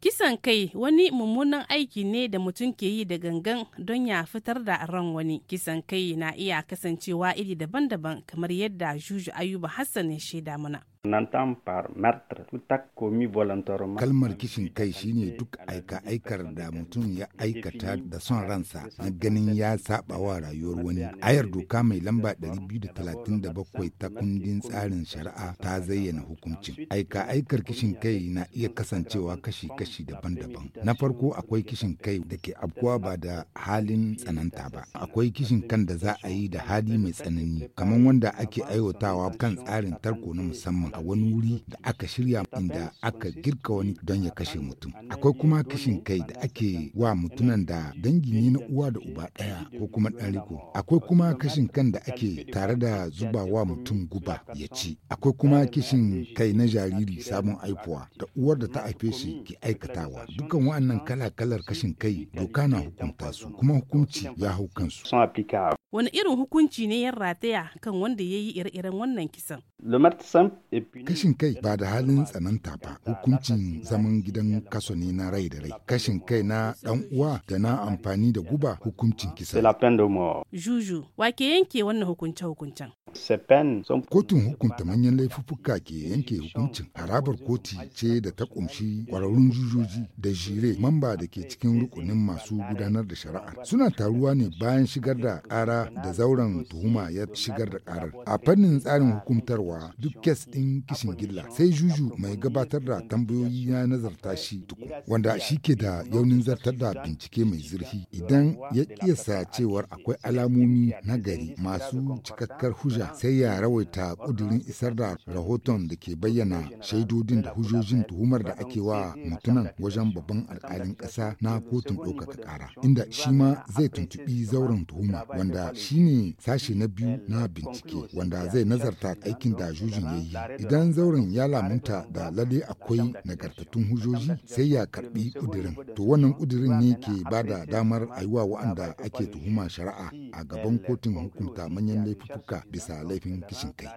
Kisan kai wani mummunan aiki ne da mutum ke yi da gangan don ya fitar da ran wani. Kisan kai na iya kasancewa iri daban-daban kamar yadda Juju Ayuba Hassan ya shaida mana. Kalmar kishin kai shine duk aika-aikar da mutum ya aikata da son ransa na ganin ya saba wa rayuwar wani. Ayar doka mai lamba 237 ta kundin tsarin shari'a ta zayyana hukuncin. Aika-aikar kishin kai na iya kasancewa kashi-kashi daban-daban. Na farko akwai kishin kai da ke abkuwa ba da halin tsananta ba. Akwai kishin kan da za a yi da hali mai tsanani, kamar wanda ake aiwatawa kan tsarin tarko na musamman. a wani wuri da aka shirya inda aka girka wani don ya kashe mutum akwai kuma kashin kai da ake wa mutunan da dangi ne na uwa da uba ɗaya ko kuma ɗariko akwai kuma kashin kan da ake tare da zuba wa mutum guba ya ci akwai kuma kishin kai na jariri sabon aifuwa da uwar da ta haife shi ke aikatawa Dukkan wa'annan kala-kalar kashin kai doka na hukunta su kuma hukunci ya hau kansu wani irin hukunci ne yan rataya kan wanda ya yi ire-iren wannan kisan Kashin kai ba da halin tsananta ba, hukuncin zaman gidan kaso ne na rai da rai. Kashin kai na dan uwa da na amfani da guba hukuncin kisa. Juju, wa ke yanke wannan hukunce-hukuncen? Kotun hukunta manyan laifuffuka ke yanke hukuncin harabar koti ce da ta kumshi kwararrun jujuji da jire mamba da ke cikin rukunin masu gudanar da shari'a Suna taruwa ne bayan shigar da kara da zauren tuhuma ya shigar da karar A fannin tsarin hukuntarwa cewa duk kes ɗin kishin gilla sai juju mai gabatar da tambayoyi ya nazarta shi tukun wanda shi ke da yaunin zartar da bincike mai zurfi idan ya kiyasa cewar akwai alamomi na gari masu cikakkar hujja sai ya rawaita kudurin isar da rahoton da ke bayyana shaidodin da hujojin tuhumar da ake wa mutunan wajen babban alkalin ƙasa na kotun ɗaukaka ƙara inda shi ma zai tuntuɓi zauren tuhuma wanda shi ne sashe na biyu na bincike wanda zai nazarta aikin da jujin ya yi idan zauren ya lamunta da lalle akwai nagartattun hujoji sai ya karbi kudirin to wannan kudirin ne ke ba da damar aiwa wa'anda ake tuhuma shari'a a gaban kotun hukunta manyan laifuka bisa laifin kishin kai